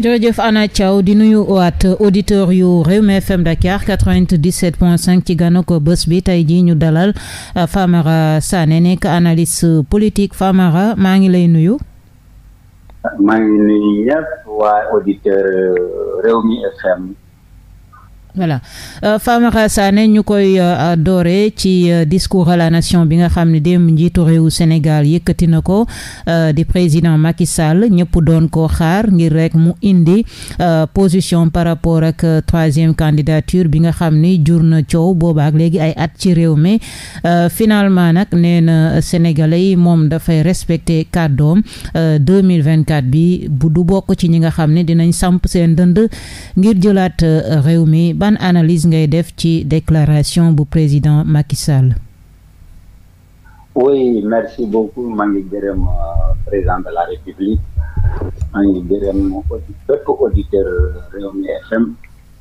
jërëjëf Anna Thiaw di nuyu waat auditeur yu Rewmi FM Dakar 97 point 5 ci gànna ko bés bi tey jii ñu dalal euh, Famara Sané nekk analyste politique Famara maa ngi lay nuyu maa ngi nuyu ñëpp waa auditeur euh, Rewmi FM voilà euh, ñu koy euh, doore ci euh, discours à la nation bi nga xam ne démb njiitu réewu Sénégal yëkkati na ko euh, di président Macky Sall ñëpp doon ko xaar ngir rek mu indi euh, position par rapport ak euh, troisième candidature bi nga xam ni jur na coow boobaak léegi ay at ci réew mi finalement nag nee na sénégalais yi moom dafay respecter kàddoom 2024 bi bu du bokk ci ñi nga xam ne dinañ samp seen dënd ngir jëlaat réew mi. ban analyse ngay def ci déclaration bu président Macky Sall. merci beaucoup maa ngi gërëm euh, président de la république maa ngi gërëm audi bépp auditeur Rewmi FM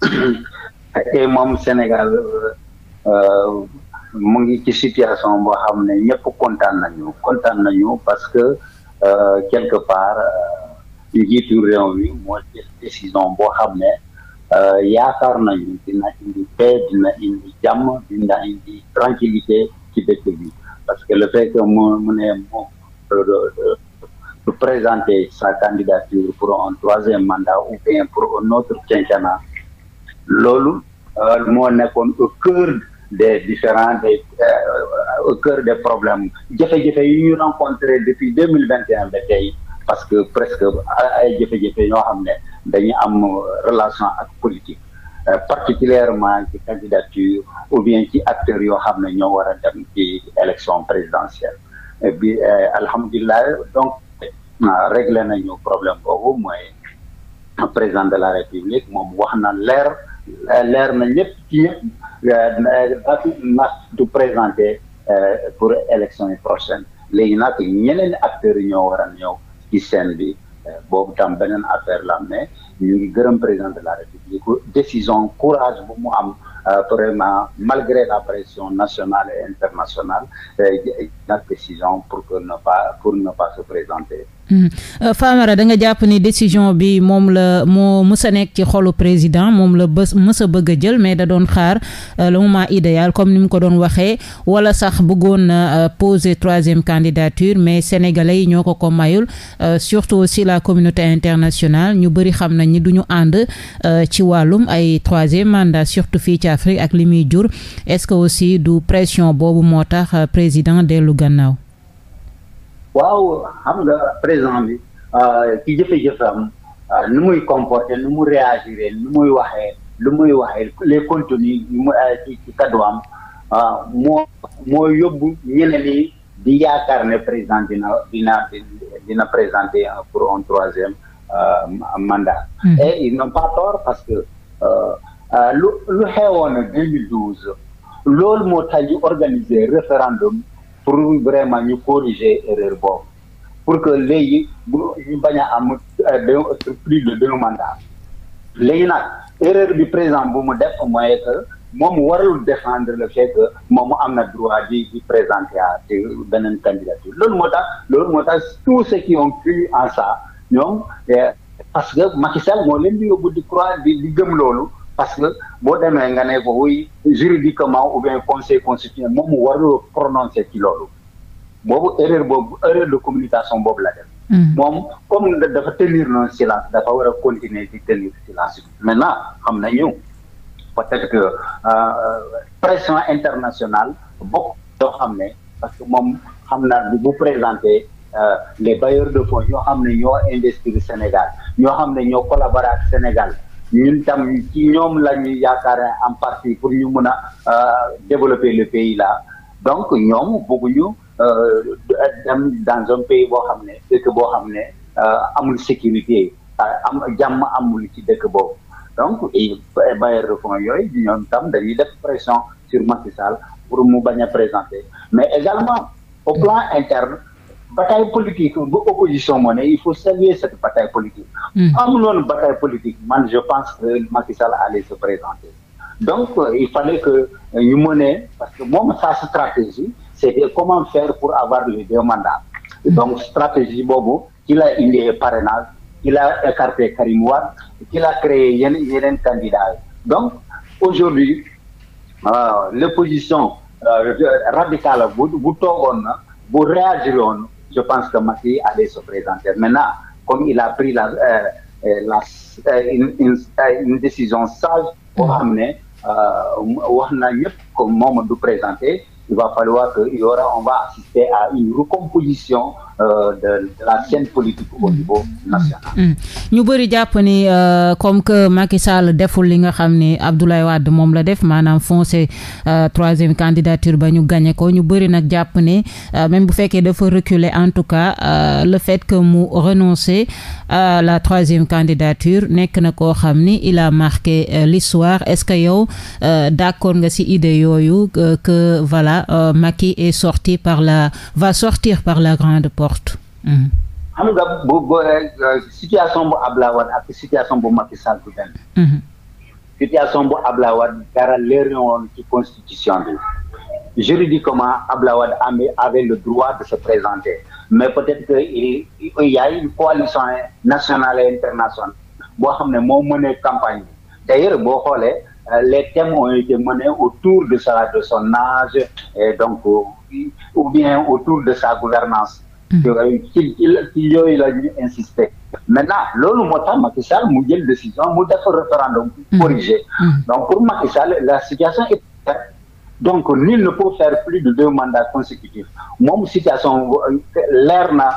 tey moom euh, euh, mu ngi ci situation boo xam ne ñëpp kontaan nañu parce que quelque part njiitu réew mi moo jël décision boo xam ne. Euh, yaakaar nañu dina indi paix dina indi jàmm dina indi tranquillité ci dëkk gi parce que le fait que mu mu ne euh, présenter sa candidature pour un troisième mandat ou bien pour un autre quinquennat loolu euh, moo nekkoon au cœur des différents des au cœur des problèmes jafe-jafe yi ñu rencontré depuis deux mille vingt et un parce que presque ay jafe-jafe ñoo xam ne dañu am relation ak politique euh, particulièrement ci candidature ou bien ci acteurs yoo xam ne ñoo war a dem ci élection présidentielle bi euh, alhamdulilah donc euh, réglé nañu problème boobu mooy président de la république moom wax na leer leer na ñëpp ci ñëpp date nas du présenté pour élection yi prochaine léegi nag ñeneen acteurs yi ñoo war a ñëw ci scène bi euh, boobu tam beneen affaire la mais ñu ngi gërëm président de la république décision courage bu mu am Euh, vraiment, malgré la pression euh, hmm. euh, da nga jàpp ni décision bi moom la moo mës nekk ci xolu président moom la bës mësa a bëgg jël mais da doon xaar le moment idéal comme ni mu ko doon waxee wala sax bëggoon na poser troisième candidature mais sénégalais yi ñoo ko ko mayul surtout aussi la communauté internationale ñu bëri xam nañ ni du ñu ànd ci wàllum ay troisième mandat surtout fii ci Afrique ak li muy jur est-ce que aussi du pression boobu moo tax euh, président dellu gannaaw. waaw xam nga président bi euh, ci jëfe-jëfe am euh, nu muy comporter nu mu réagir nu muy waxee lu muy waxee les contenus yu mu ci ci kaddu am moo yóbbu ñeneen yi di yaakaar ne président dina dina dina présenter pour un troisième mandat. Hmm. et ils n'ont pas parce que. Euh, lu lu xewoon 2012 loolu moo tax ñu organiser référendum pour vraiment ñu corriger erreur boobu pour que léegi bu ñu bañ a am euh, plus de deux mandats léegi nag erreur bi président bu mu def mooy que moom warul défendre le fait que moom am na droit di di présenter à beneen candidature loolu moo tax loolu moo tax tous ceux qui ont cru en ça ñoom eh, parce que Macky Sall moo leen di yóbbu di croire di di gëm loolu. parce que boo demee nga ne ko oui juridiquement ou bien conseil constitutionnel moom mu warul prononcer ci loolu boobu erreur boobu erreur de communication boobu la def. Hmm. moom comme dafa tenir non silence dafa war a continuer di tenir silence maintenant xam nañu peut-être que euh, pression international bokk doo xam ne parce que moom xam naa bu bu présenter euh, les bailleurs de fonds ñoo xam ne ñoo investir Sénégal ñoo xam ne ñoo collaborer Sénégal ñun tam ci ñoom la ñuy yaakaar en partie pour ñu mën a euh, développer le pays la donc ñoom bëgguñu euh, dem dans un pays boo xam ne dëkk boo xam ne euh, amul sécurité am jàmm amul ci dëkk boobu donc bailleurs de fonds yooyu ñoom tam dañuy def pression sur Macky Sall pour mu bañ a présenter mais également au plan interne bataille politique bu opposition moo ne il faut saluer cette bataille politique. Hmm. amuloon bataille politique man je pense que Macky Sall se présenter. donc euh, il fallait que euh, ñu mener parce que moom sa stratégie c'est de comment faire pour avoir les deux mandats. Hmm. donc stratégie boobu ci la indi parrainage ci la écarté Karim Wade la créé yenn yeneen candidats donc aujourd'hui euh, l'opposition euh, radicale bu bu na bu réagir je pense que Macky allait se présenter. Maintenant, comme il a pris la, euh, euh la euh, une, une, euh, une, décision sage pour mm. amener wax na ñëpp comme moom du présenter il va falloir que il y aura on va assister à une recomposition Uh, mm. mm. ñu bëri jàpp ni uh, comme que Macky Sall deful li nga xam ni Abdoulaye Wade moom la def maanaam foncé uh, troisième candidature ba ñu gagné ko ñu bëri nag jàpp ni même bu fekkee dafa reculer en tout cas le fait que mu renoncer à la troisième candidature nekk na koo xam ni il a marqué l'histoire est-ce que yow d'accord nga ci idée yooyu que voilà Macky est sorti par la va sortir par la grande porte. forte. Mm-hmm. xam nga bu bu eh, eh, situation bu Abdoulaye Wade ak situation bu Macky Sall mm-hmm. situation bu Abdoulaye Wade dara leer na woon bi juridiquement Abdoulaye avait le droit de se présenter mais peut-être que il y a une coalition nationale et internationale boo xam ne moo mënee campagne bi d'ailleurs boo xoolee euh, les thèmes ont été menés autour de sa de son âge et donc ou bien autour de sa gouvernance ci ci yooyu la ñuy insister maintenant loolu moo tax Macky Sall mu jël décision mu def référendum pour mm. corriger mm. donc pour Macky Sall la situation est donc nul ne peut faire plus de deux mandats consécutifs moom situation leer na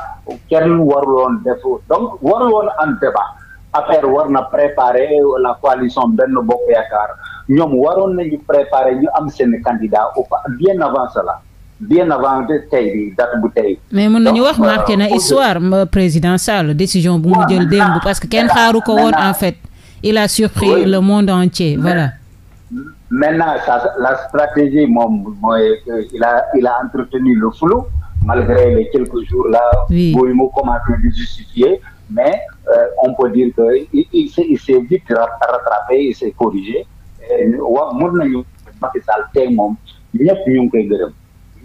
kenn waruloon def donc waruloon en débat affaire war na préparer la coalition benn Bokk Yaakaar ñoom waroon nañu préparer ñu am seen candidat ou pas bien avant cela bien avant de tey bi date bu tey. mais mën nañu wax marqué euh, na histoire euh, président Sall décision bu mu jël démb parce que kenn xaaru ko woon en fait il a surpris oui. le monde entier voilà. maintenant ça, la stratégie moom mooy il a il a entretenu le flou malgré les quelques jours là. oui booy mu justifier mais euh, on peut dire que il il s'est vite rattrapé il s'est corrigé wa mën nañu Macky Sall tey moom ñëpp ñu ngi koy gërëm.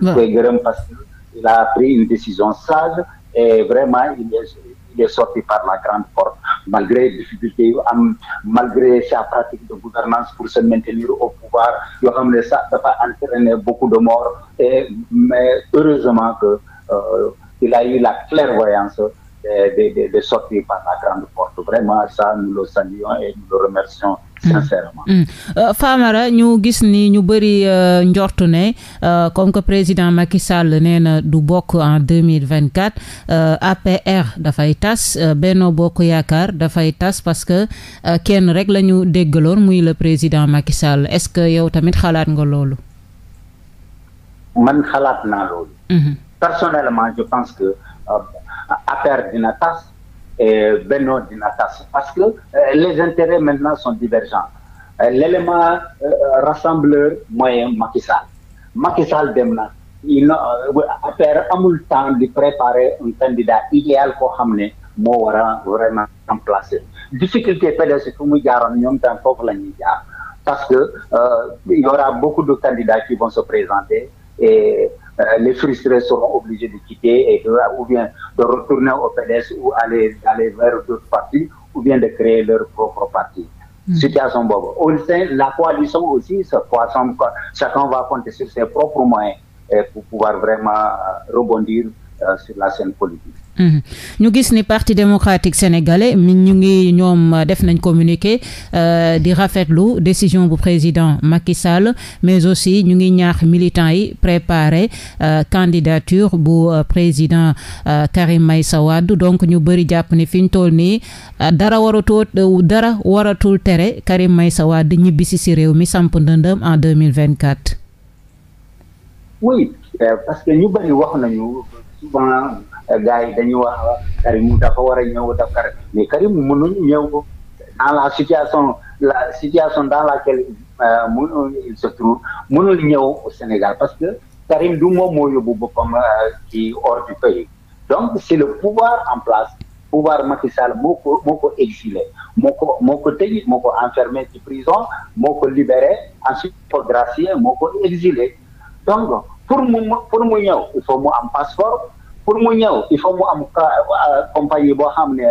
non. koy gërëm parce que il a pris une décision sage et vraiment il est il est sorti par la grande porte malgré difficulté yu am malgré sa pratique de gouvernance pour se maintenir au pouvoir yoo xam ne sax dafa entraîner de morts et euh, a eu la clairvoyance euh, de de de sortir par la grande porte vraiment ça nous le saluons et nous le remercions Mm. sincèrement. Mm. Euh, Famara ñu gis ni ñu bëri euh, njortu ne euh, comme que président Macky Sall nee na du bokk en deux mille vingt quatre APR dafay tas Benno Bokk Yaakaar dafay tas parce que kenn rek la ñu déggaloon muy le président Macky Sall est-ce que yow tamit xalaat nga loolu. man xalaat naa loolu. Mm-hmm. personnellement je pense que APR dina tas. Benno Dinakas, parce que euh, les intérêts maintenant sont divergents. Euh, l'élément euh, rassembleur moyen Macky Sall Macky Sall dem na il affaire amul temps di préparer un candidat idéal koo xam ne moo war a vraiment remplacer difficulté PDS fu mu jaaroon ñoom tam foofu la ñuy jaar parce que il y aura beaucoup de candidats qui vont se présenter Euh, les frustrés seront obligés de quitter et de, ou bien de retourner au PDS ou aller, vers d'autres partis ou bien de créer leur propre parti. Hmm. chacun va compter sur ses propres moyens euh, pour pouvoir vraiment euh, rebondir Euh, sur mhm. ñu gis ni parti démocratique sénégalais mi ñu ngi ñoom euh, def nañ communiqué euh, di rafetlu décision bu président Macky Sall mais aussi ñu ngi ñaax militants yi préparer candidature bu président Karim may Wade donc ñu bëri jàpp ni fi ñu toll nii dara waratul dara waratul tere Karim Meïssa Wade ñibbisi si réew mi samp ndëndëm en deux mille vingt quatre. souvent euh, gars yi dañuy wax Karim dafa war a ñëw daf Karim mais Karim mënul ñëw dans la situation la situation dans laquelle euh, mu il se trouve mënul ñëw au Sénégal parce que Karim du moom moo yóbbu boppam euh, ci hors du pays donc si le pouvoir en place pouvoir Macky Sall moo ko moo ko exilé moo ko moo ko tëj moo ko enfermé prison moo ko libéré ensuite ko gracié moo ko exilé donc pour mu pour mu ñëw il faut mu am passeport pour mu ñëw il faut mu am compagnie boo xam ne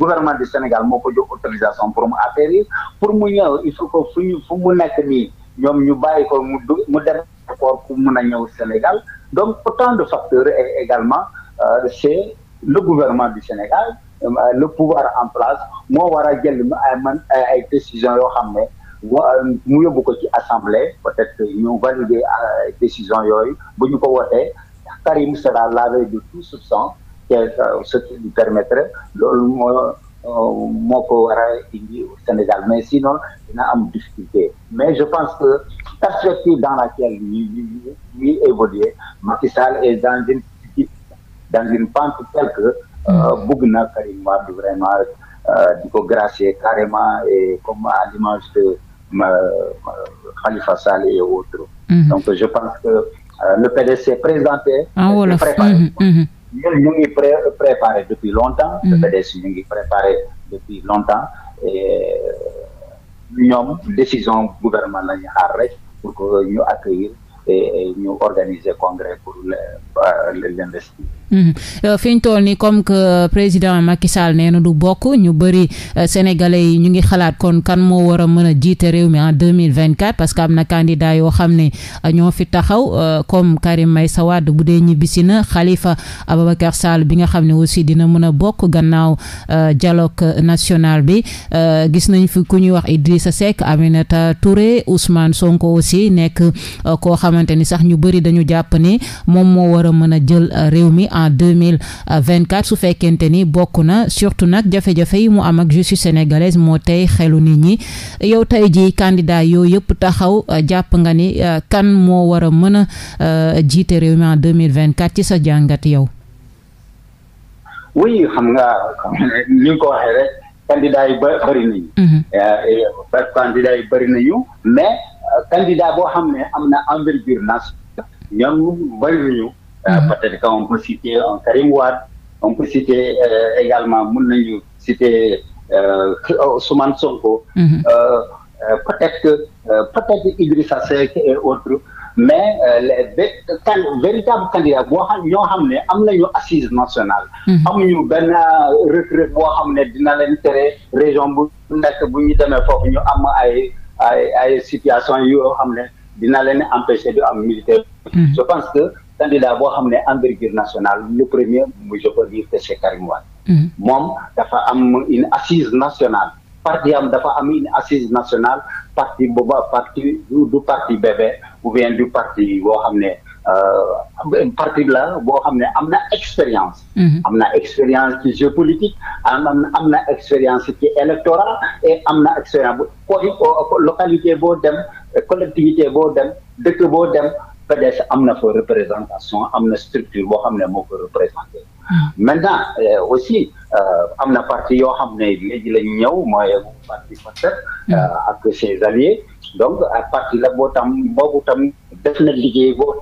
gouvernement du Sénégal moo ko jox autorisation pour mu atterrir pour mu ñëw il faut que fu mu nekk nii ñoom ñu bàyyi ko mu du mu dem pour mun a ñëw Sénégal donc autant de facteurs également euh, c'est le gouvernement du Sénégal euh, le pouvoir en place moo war a jël ay man ay décisions yoo xam ne. mu yóbbu ko ci assemblée peut-être ñu valider euh, décision yooyu bu ñu ko wootee Karim sera lavé de tout soupçon te euh, ce qui lui permettrait loolu euh, moo ko war Sénégal mais sinon dina am difficulté mais je pense que perspective dans laquelle ñuy ñuy évoluer Macky Sall est dans une dans une pente telle que hmm. bëgg na Karim vraiment di ko gracier carrément et comme à l'image ma Khalifa Sall et autres. Mmh. Donc je pense que euh, le PDC présenté. ah wala préparé. Mhm, mhm. ñun ñu ngi pré préparé depuis longtemps. le mhm. PDC ñu ngi préparé depuis longtemps et euh, ñoom décision gouvernement la ñu xaar pour que ñu accueillir et organiser congrès pour euh, l'investir Mhm. Euh, fi ñu toll nii comme que président Macky Sall nee na du bokk ñu bëri euh, sénégalais yi ñu ngi xalaat kon kan moo war a mën a jiite réew mi en deux mille vingt quatre parce que am na candidat yoo xam ne euh, ñoo fi taxaw comme Karim sa Wade bu dee ñibbisi na Khalifa Ababacar Sall bi nga xam ne aussi dina mën a bokk gannaaw jalook national bi gis nañ fi ku ñuy wax sa Idrissa Seck Aminata Touré Ousmane Sonko aussi nekk koo xamante ni sax ñu bëri dañu jàpp ni moom moo war a mën a jël réew mi. en deux mille vingt quatre su fekkente ni bokk na surtout nag jafe-jafe yi mu am ak justice sénégalaise moo tey xelu nit ñi yow tey ji kandidaa yooyu yëpp taxaw euh, jàpp nga ni euh, kan moo war a mën a euh, jiite réew mi en deux mille vingt quatre ci sa jàngat yow. oui xam nga ni ko waxee rek candidat yi mhm. bëri nañu. mais candidat boo xam ne am na envergure nationale ñoom bëri nañu Mhm. peut-être qu'on peut citer un Karim Wade on peut citer euh, également mën nañu citer euh, Ousmane Sonko. Mhm. Euh, peut-être que peut-être Idrissa et autres mais les véritable candidat boo xam ñoo xam ne am nañu assise nationale. Mhm. amuñu benn retrait boo xam ne dina leen tere région bu nekk bu ñu demee foofu ñu am ay ay ay situation yoo xam ne dina leen empêcher de am militaire. je pense que candidat boo xam ne envergure nationale le premier mu je mm. moom dafa am une assise nationale parti am dafa am une assise nationale parti booba parti bébé ou bien du parti boo xam ne euh, parti la boo xam ne am na expérience mm-hmm. am na expérience ci jeu politique am am na expérience ci électorat et am na expérience boo dem collectivité boo dem dëkk boo dem PDS am na fa représentation am na structure boo xam ne moo ko représenté. Hmm. maintenant euh, aussi euh, am na partie yoo xam ne léegi lañ ñëw mooy parti Pastef hmm. euh, ak ses alliés donc parti la boo tam boobu tam def na liggéey boo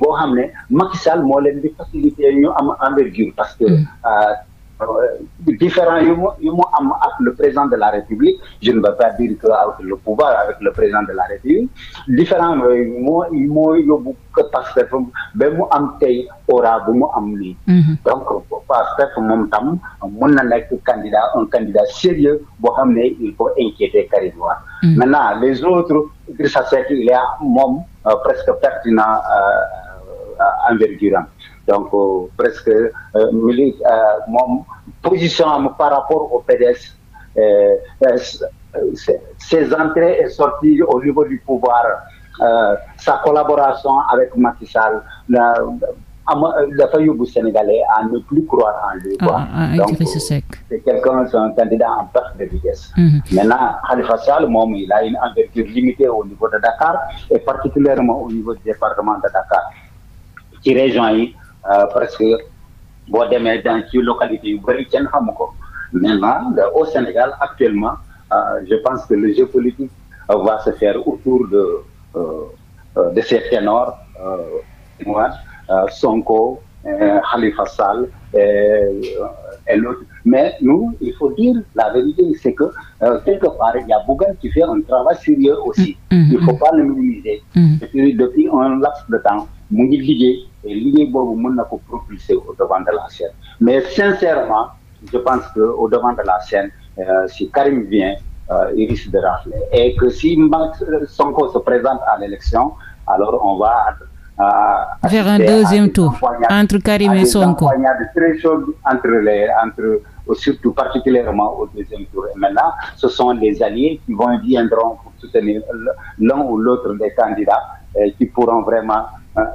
boo xam ne Macky Sall moo leen di faciliter ñu am envergure parce que. Hmm. Euh, différent yu mu am ak le président de la République je ne veux pas dire que le pouvoir avec le président de la République différent yooyu moo moo yóbbu que Pastef ba mu am tey aura bu mu am nii mm-hmm. donc Pastef moom tam mën na nekk candidat un candidat sérieux boo xam il faut inquiéter Karim Wade mm-hmm. maintenant les autres Idrissa Seck il est moom euh, presque pertinent euh, envergure donc euh, presque euh, mili euh, moom position am par rapport au PDS ses entrées et sorties au niveau du pouvoir sa collaboration avec Macky Sall la ama dafa yóbbu sénégalais à ne plus croire en lui quoi ah, ah, donc c'est quelqu'un c'est un candidat en perte de vitesse mm-hmm. maintenant Khalifa Sall moom il a une envergure limitée au niveau de Dakar et particulièrement au niveau du département de Dakar ci région yi Euh, parce que boo demee dans ci localité yu bëri kenn xamu ko euh, au Sénégal actuellement euh, je pense que le jeu politique va se faire autour de de ces ténors moi Sonko Khalifa Sall et l'autre mais nous il faut dire la vérité c'est que quelque part il y a Bougane qui fait un travail sérieux aussi mm-hmm. il faut pas le mm-hmm. depuis un laps de temps mu ngi liggéey et liggéey boobu mën na ko propulser au devant de la scène mais sincèrement je pense que au devant de la scène euh, si Karim vient euh, il risque de rafler et que si Max Sonko se présente à l'élection alors on va à, vers un deuxième tour entre Karim et Sonko très chaudes entre les euh, surtout particulièrement au deuxième tour et maintenant ce sont les alliés qui vont viendront pour soutenir l'un ou l'autre des candidats et euh, qui pourront vraiment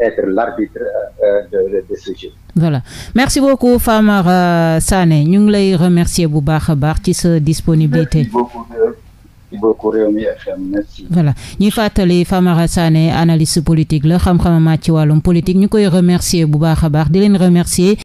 être l'arbitre euh, de, de ce jeu. voilà merci beaucoup Famara Sané ñu ngi lay remercier bu baax a baax ci sa disponibilité. merci beaucoup. Euh, beaucoup Rewmi FM merci. voilà ñuy fàttali Famara Sané analyste politique la xam-xamam màcc ci wàllum politique ñu koy remercier bu baax a baax di leen remercier.